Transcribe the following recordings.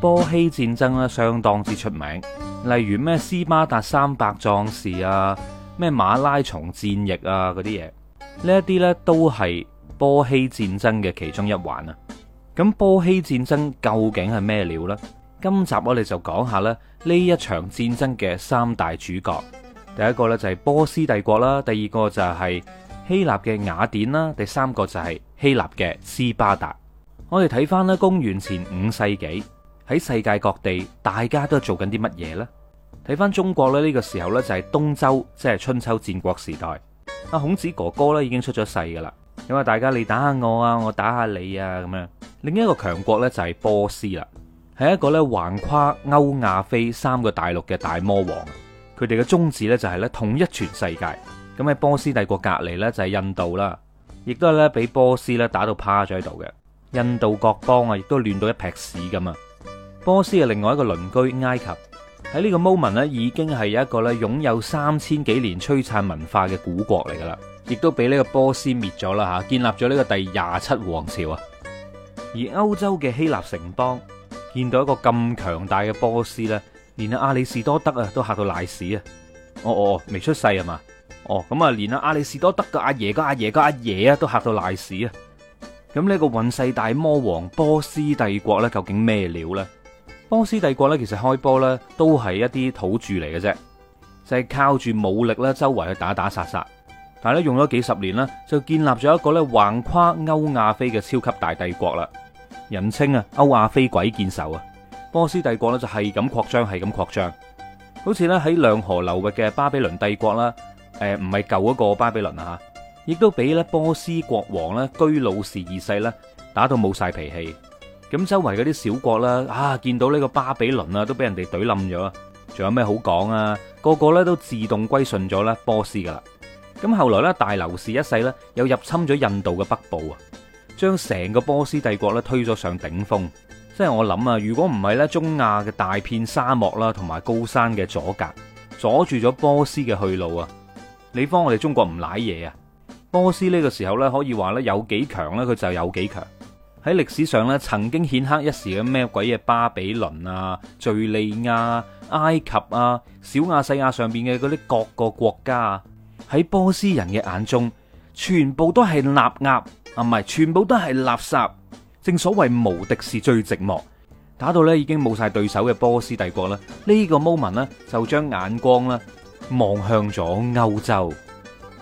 波希戰爭咧相當之出名，例如咩斯巴達三百壯士啊，咩馬拉松戰役啊嗰啲嘢，呢一啲呢都係波希戰爭嘅其中一環啊。咁波希戰爭究竟係咩料呢？今集我哋就講下咧呢一場戰爭嘅三大主角。第一個呢就係波斯帝國啦，第二個就係希臘嘅雅典啦，第三個就係希臘嘅斯巴達。我哋睇翻，呢公元前五世紀。喺世界各地，大家都做緊啲乜嘢呢？睇翻中國咧，呢個時候呢，就係東周，即係春秋戰國時代。阿孔子哥哥呢已經出咗世噶啦。咁啊，大家你打下我啊，我打下你啊，咁樣。另一個強國呢就係波斯啦，係一個呢橫跨歐亞非三個大陸嘅大魔王。佢哋嘅宗旨呢就係咧統一全世界。咁喺波斯帝國隔離呢，就係印度啦，亦都係呢，俾波斯咧打到趴咗喺度嘅。印度各邦啊，亦都亂到一劈屎咁啊！波斯嘅另外一個鄰居埃及喺呢個 moment 咧，已經係有一個咧擁有三千幾年璀璨文化嘅古國嚟噶啦，亦都俾呢個波斯滅咗啦吓，建立咗呢個第廿七王朝啊。而歐洲嘅希臘城邦見到一個咁強大嘅波斯咧，連亞里士多德啊都吓到賴屎啊！哦哦未出世吖嘛？哦，咁、哦、啊、哦，連亞里士多德個阿爺個阿爺個阿爺啊，都吓到賴屎啊！咁、這、呢個運世大魔王波斯帝國呢，究竟咩料呢？波斯帝國咧，其實開波咧都係一啲土著嚟嘅啫，就係靠住武力咧，周圍去打打殺殺，但係咧用咗幾十年啦，就建立咗一個咧橫跨歐亞非嘅超級大帝國啦，人稱啊歐亞非鬼見愁啊！波斯帝國咧就係咁擴張，係咁擴張，好似咧喺兩河流域嘅巴比倫帝國啦，誒唔係舊嗰個巴比倫吓，亦都俾咧波斯國王咧居魯士二世咧打到冇晒脾氣。咁周圍嗰啲小國啦，啊，見到呢個巴比倫啊，都俾人哋懟冧咗，啊。仲有咩好講啊？個個呢都自動歸順咗啦，波斯噶啦。咁後來呢，大流士一世呢，又入侵咗印度嘅北部啊，將成個波斯帝國呢推咗上頂峰。即係我諗啊，如果唔係呢中亞嘅大片沙漠啦同埋高山嘅阻隔，阻住咗波斯嘅去路啊，你方我哋中國唔舐嘢啊，波斯呢個時候呢，可以話呢，有幾強呢，佢就有幾強。喺歷史上咧，曾經顯赫一時嘅咩鬼嘢巴比倫啊、敘利亞、埃及啊、小亞細亞上邊嘅嗰啲各個國家，喺波斯人嘅眼中，全部都係納鴨，啊唔係，全部都係垃圾。正所謂無敵是最寂寞，打到咧已經冇晒對手嘅波斯帝國啦。呢個 moment 呢就將眼光咧望向咗歐洲，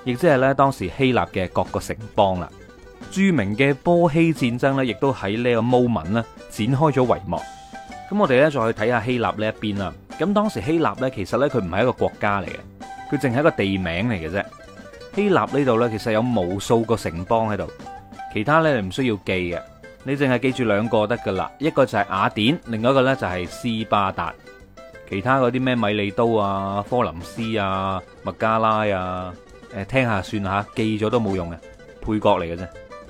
亦即係咧當時希臘嘅各個城邦啦。著名嘅波希戰爭咧，亦都喺呢個 moment 呢展開咗帷幕。咁我哋咧再去睇下希臘呢一邊啦。咁當時希臘咧，其實咧佢唔係一個國家嚟嘅，佢淨係一個地名嚟嘅啫。希臘呢度咧，其實有無數個城邦喺度，其他咧唔需要記嘅，你淨係記住兩個得㗎喇，一個就係雅典，另一個咧就係斯巴達。其他嗰啲咩米利都啊、科林斯啊、麥加拉啊，誒聽下算下，記咗都冇用嘅配角嚟嘅啫。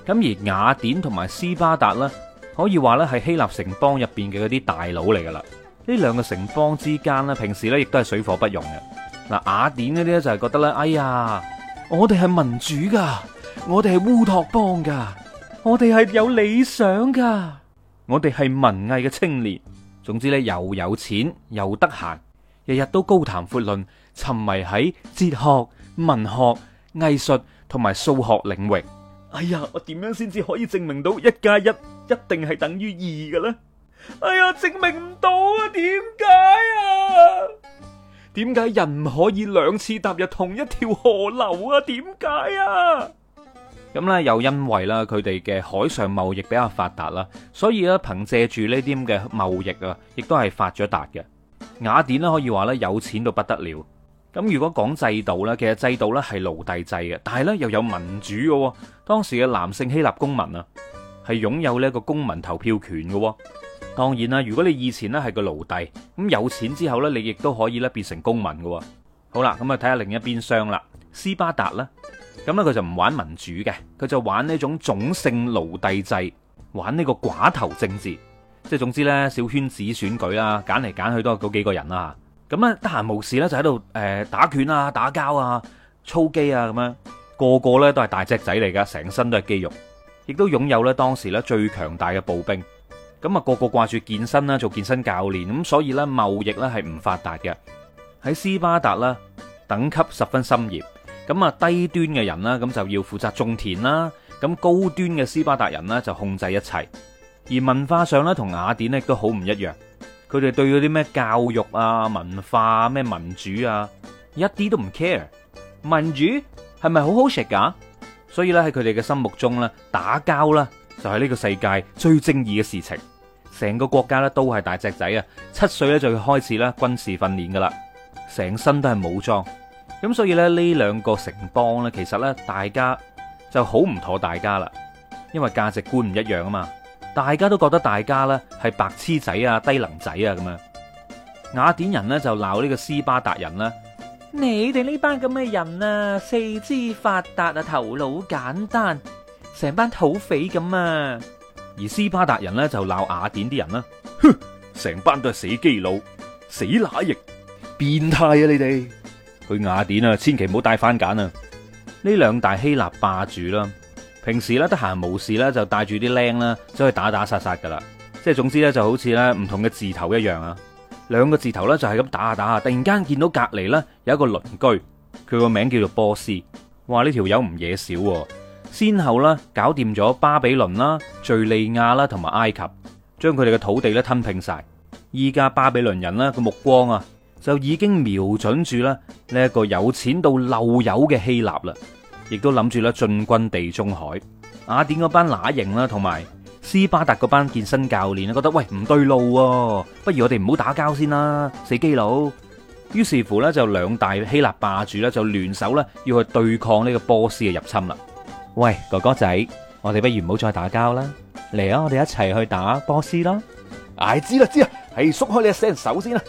咁而雅典同埋斯巴達咧，可以話咧係希臘城邦入邊嘅嗰啲大佬嚟噶啦。呢兩個城邦之間咧，平時咧亦都係水火不容嘅。嗱，雅典嗰啲咧就係覺得咧，哎呀，我哋係民主噶，我哋係烏托邦噶，我哋係有理想噶，我哋係文藝嘅青年。總之咧，又有錢又得閒，日日都高談闊論，沉迷喺哲學、文學、藝術同埋數學領域。哎呀，我點樣先至可以證明到一加一一定係等於二嘅咧？哎呀，證明唔到啊！點解啊？點解人唔可以兩次踏入同一條河流啊？點解啊？咁咧又因為啦，佢哋嘅海上貿易比較發達啦，所以咧憑借住呢啲咁嘅貿易啊，亦都係發咗達嘅。雅典呢，可以話咧有錢到不得了。咁如果講制度呢，其實制度呢係奴隸制嘅，但係呢，又有民主嘅。當時嘅男性希臘公民啊，係擁有呢一個公民投票權嘅。當然啦，如果你以前呢係個奴隸，咁有錢之後呢，你亦都可以咧變成公民嘅。好啦，咁啊睇下另一邊廂啦，斯巴達咧，咁呢，佢就唔玩民主嘅，佢就玩呢一種種姓奴隸制，玩呢個寡頭政治，即係總之呢，小圈子選舉啦，揀嚟揀去都係嗰幾個人啦。咁咧，得閒無事咧就喺度誒打拳啊、打交啊、操肌啊咁樣，個個咧都係大隻仔嚟㗎，成身都係肌肉，亦都擁有咧當時咧最強大嘅步兵。咁啊，個個，個，個掛住健身啦，做健身教練。咁所以呢，貿易呢係唔發達嘅。喺斯巴達啦，等級十分森嚴。咁啊，低端嘅人啦，咁就要負責種田啦。咁高端嘅斯巴達人呢，就控制一切。而文化上咧同雅典咧都好唔一樣。佢哋對嗰啲咩教育啊、文化啊、咩民主啊，一啲都唔 care。民主係咪好好食噶？所以咧喺佢哋嘅心目中咧，打交啦就係呢個世界最正義嘅事情。成個國家咧都係大隻仔啊，七歲咧就要開始啦軍事訓練噶啦，成身都係武裝。咁所以咧呢兩個城邦咧，其實咧大家就好唔妥大家啦，因為價值觀唔一樣啊嘛。大家都覺得大家咧係白痴仔啊、低能仔啊咁樣，雅典人呢就鬧呢個斯巴達人啦。你哋呢班咁嘅人啊，四肢發達啊，頭腦簡單，成班土匪咁啊。而斯巴達人呢就鬧雅典啲人啦。哼，成班都係死基佬、死乸翼、變態啊，你哋去雅典啊，千祈唔好帶番鹼啊。呢兩大希臘霸主啦、啊。平時咧得閒無事咧就帶住啲僆啦走去打打殺殺噶啦，即係總之咧就好似咧唔同嘅字頭一樣啊。兩個字頭咧就係咁打打下。突然間見到隔籬咧有一個鄰居，佢個名叫做波斯。哇！呢條友唔惹少，先後咧搞掂咗巴比倫啦、敘利亞啦同埋埃及，將佢哋嘅土地咧吞併晒。依家巴比倫人呢，個目光啊就已經瞄準住咧呢一個有錢到漏油嘅希臘啦。亦都諗住咧進軍地中海，雅典嗰班乸型啦，同埋斯巴達嗰班健身教練啦、啊，覺得喂唔對路啊，不如我哋唔好打交先啦、啊，死基佬。於是乎咧，就兩大希臘霸主咧就聯手咧，要去對抗呢個波斯嘅入侵啦。喂，哥哥仔，我哋不如唔好再打交啦，嚟啊，我哋一齊去打波斯啦。唉、哎，知啦知啊，係縮開你一死人手先啦，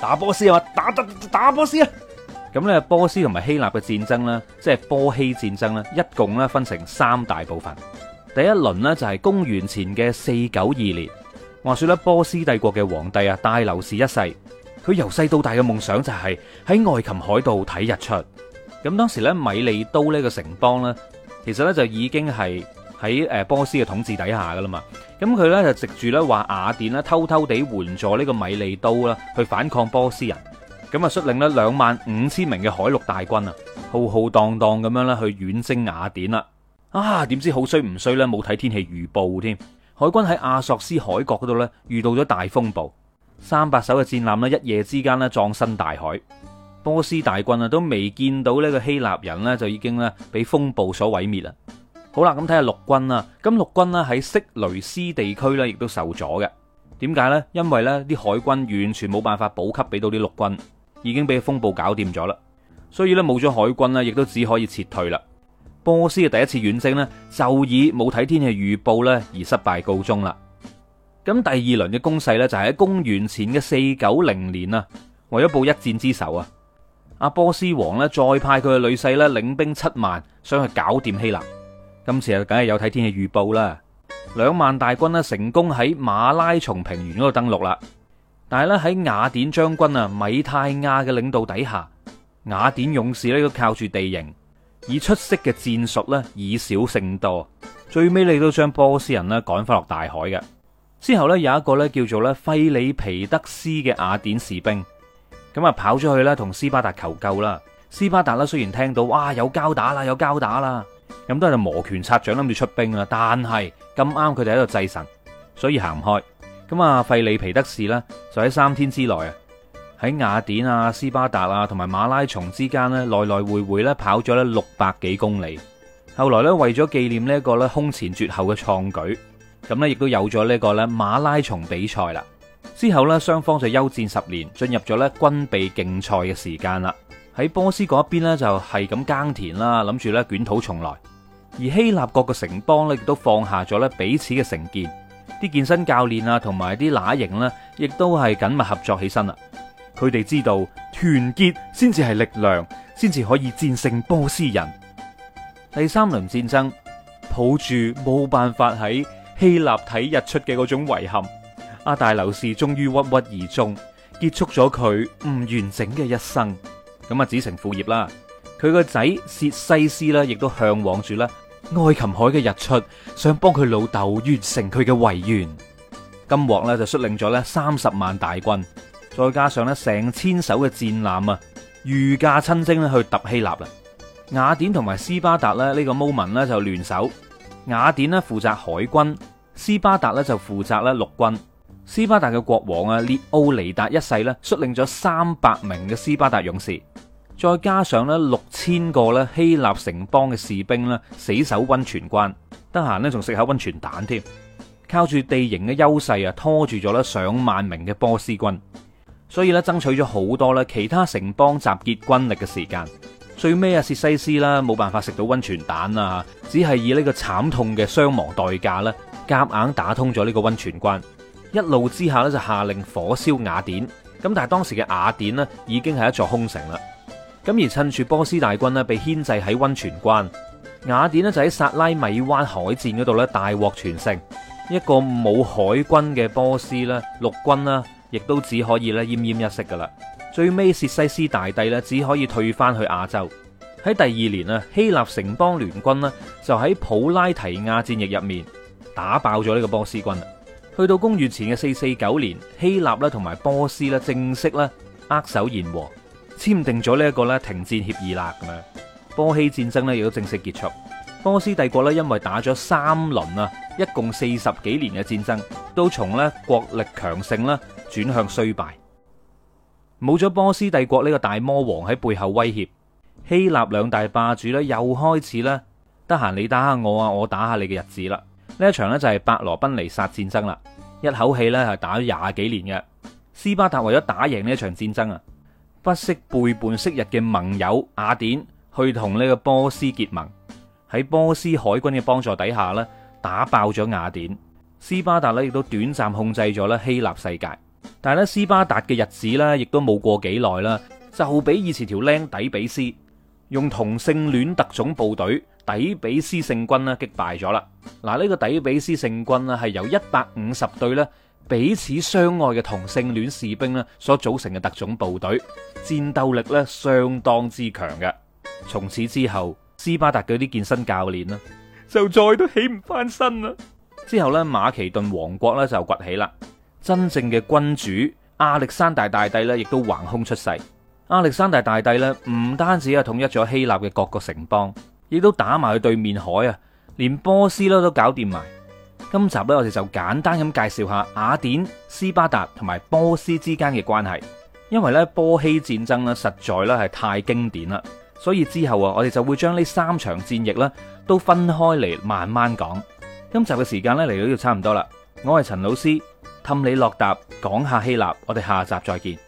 打波斯啊，打打打波斯啊！咁咧，波斯同埋希臘嘅戰爭咧，即係波希戰爭咧，一共咧分成三大部分。第一輪呢，就係公元前嘅四九二年，話説咧，波斯帝國嘅皇帝啊，大流士一世，佢由細到大嘅夢想就係喺愛琴海度睇日出。咁當時咧，米利都呢個城邦咧，其實咧就已經係喺誒波斯嘅統治底下噶啦嘛。咁佢咧就藉住咧話雅典呢，偷偷地援助呢個米利都啦，去反抗波斯人。咁啊，就率領咧兩萬五千名嘅海陸大軍啊，浩浩蕩蕩咁樣咧去遠征雅典啦。啊，點知好衰唔衰呢？冇睇天氣預報添，海軍喺阿索斯海角嗰度呢，遇到咗大風暴，三百艘嘅戰艦呢，一夜之間呢，葬身大海。波斯大軍啊都未見到呢個希臘人呢，就已經呢，被風暴所毀滅啦。好啦，咁睇下陸軍啦，咁陸軍呢，喺色雷斯地區呢，亦都受阻嘅。點解呢？因為呢啲海軍完全冇辦法補給俾到啲陸軍。已經俾風暴搞掂咗啦，所以咧，冇咗海軍咧，亦都只可以撤退啦。波斯嘅第一次遠征咧，就以冇睇天氣預報咧而失敗告終啦。咁第二輪嘅攻勢咧就係喺公元前嘅四九零年啊，為咗報一戰之仇啊，阿波斯王咧再派佢嘅女婿咧領兵七萬，想去搞掂希臘。今次又梗係有睇天氣預報啦，兩萬大軍咧成功喺馬拉松平原嗰度登陸啦。但係咧喺雅典將軍啊米泰亞嘅領導底下，雅典勇士咧都靠住地形，以出色嘅戰術咧以少勝多，最尾你都將波斯人咧趕翻落大海嘅。之後咧有一個咧叫做咧菲里皮德斯嘅雅典士兵，咁啊跑出去咧同斯巴達求救啦。斯巴達啦雖然聽到哇有交打啦有交打啦，咁都係就摩拳擦掌諗住出兵啦，但係咁啱佢哋喺度祭神，所以行唔開。咁啊，費里皮德士呢，就喺三天之內啊，喺雅典啊、斯巴達啊同埋馬拉松之間呢，來來回回咧跑咗咧六百幾公里。後來咧，為咗紀念呢一個咧空前絕後嘅創舉，咁咧亦都有咗呢一個咧馬拉松比賽啦。之後咧，雙方就休戰十年，進入咗咧軍備競賽嘅時間啦。喺波斯嗰邊呢，就係咁耕田啦，諗住咧捲土重來。而希臘各個城邦咧，亦都放下咗咧彼此嘅成見。啲健身教練啊，同埋啲乸型呢，亦都係緊密合作起身啦。佢哋知道團結先至係力量，先至可以戰勝波斯人。第三輪戰爭，抱住冇辦法喺希臘睇日出嘅嗰種遺憾，阿大流士終於鬱郁而終，結束咗佢唔完整嘅一生。咁啊，子承父業啦，佢個仔薛西斯呢，亦都向往住咧。愛琴海嘅日出，想幫佢老豆完成佢嘅遺願。金獲咧就率領咗咧三十萬大軍，再加上咧成千艘嘅戰艦啊，御駕親征去揼希臘。雅典同埋斯巴達咧呢個 moment 咧就聯手，雅典咧負責海軍，斯巴達咧就負責咧陸軍。斯巴達嘅國王啊，列奧尼達一世咧率領咗三百名嘅斯巴達勇士，再加上咧六千個咧希臘城邦嘅士兵咧死守温泉關，得閒咧仲食下温泉蛋添，靠住地形嘅優勢啊拖住咗咧上萬名嘅波斯軍，所以咧爭取咗好多咧其他城邦集結軍力嘅時間。最尾啊，薛西斯啦冇辦法食到温泉蛋啊，只係以呢個慘痛嘅傷亡代價咧夾硬打通咗呢個温泉關，一怒之下咧就下令火燒雅典，咁但係當時嘅雅典咧已經係一座空城啦。咁而趁住波斯大軍咧被牽制喺溫泉關，雅典咧就喺薩拉米灣海戰嗰度咧大獲全勝，一個冇海軍嘅波斯咧，陸軍咧亦都只可以咧奄奄一息噶啦。最尾薛西斯大帝咧只可以退翻去亞洲。喺第二年啊，希臘城邦聯軍咧就喺普拉提亞戰役入面打爆咗呢個波斯軍。去到公元前嘅四四九年，希臘咧同埋波斯咧正式咧握手言和。簽訂咗呢一個咧停戰協議啦，咁樣波希戰爭呢亦都正式結束。波斯帝國呢，因為打咗三輪啊，一共四十幾年嘅戰爭，都從咧國力強盛咧轉向衰敗，冇咗波斯帝國呢個大魔王喺背後威脅，希臘兩大霸主呢又開始呢得閒你打下我啊，我打下你嘅日子啦。呢一場咧就係伯羅奔尼撒戰爭啦，一口氣呢，係打咗廿幾年嘅斯巴達為咗打贏呢一場戰爭啊！不惜背叛昔日嘅盟友雅典，去同呢個波斯結盟。喺波斯海軍嘅幫助底下呢，打爆咗雅典。斯巴達呢亦都短暫控制咗咧希臘世界。但係咧斯巴達嘅日子咧，亦都冇過幾耐啦，就俾以前條僆底比斯用同性戀特種部隊底比斯聖軍呢擊敗咗啦。嗱，呢個底比斯聖軍呢，係由一百五十對呢彼此相愛嘅同性戀士兵呢所組成嘅特種部隊。戰鬥力咧相當之強嘅，從此之後，斯巴達嗰啲健身教練啦，就再都起唔翻身啦。之後咧，馬其頓王國咧就崛起啦，真正嘅君主亞歷山大大帝咧亦都橫空出世。亞歷山大大帝咧唔單止啊統一咗希臘嘅各個城邦，亦都打埋去對面海啊，連波斯啦都搞掂埋。今集咧我哋就簡單咁介紹下雅典、斯巴達同埋波斯之間嘅關係。因為咧波希戰爭咧實在咧係太經典啦，所以之後啊，我哋就會將呢三場戰役咧都分開嚟慢慢講。今集嘅時間咧嚟到呢度差唔多啦，我係陳老師，氹你落答講下希臘，我哋下集再見。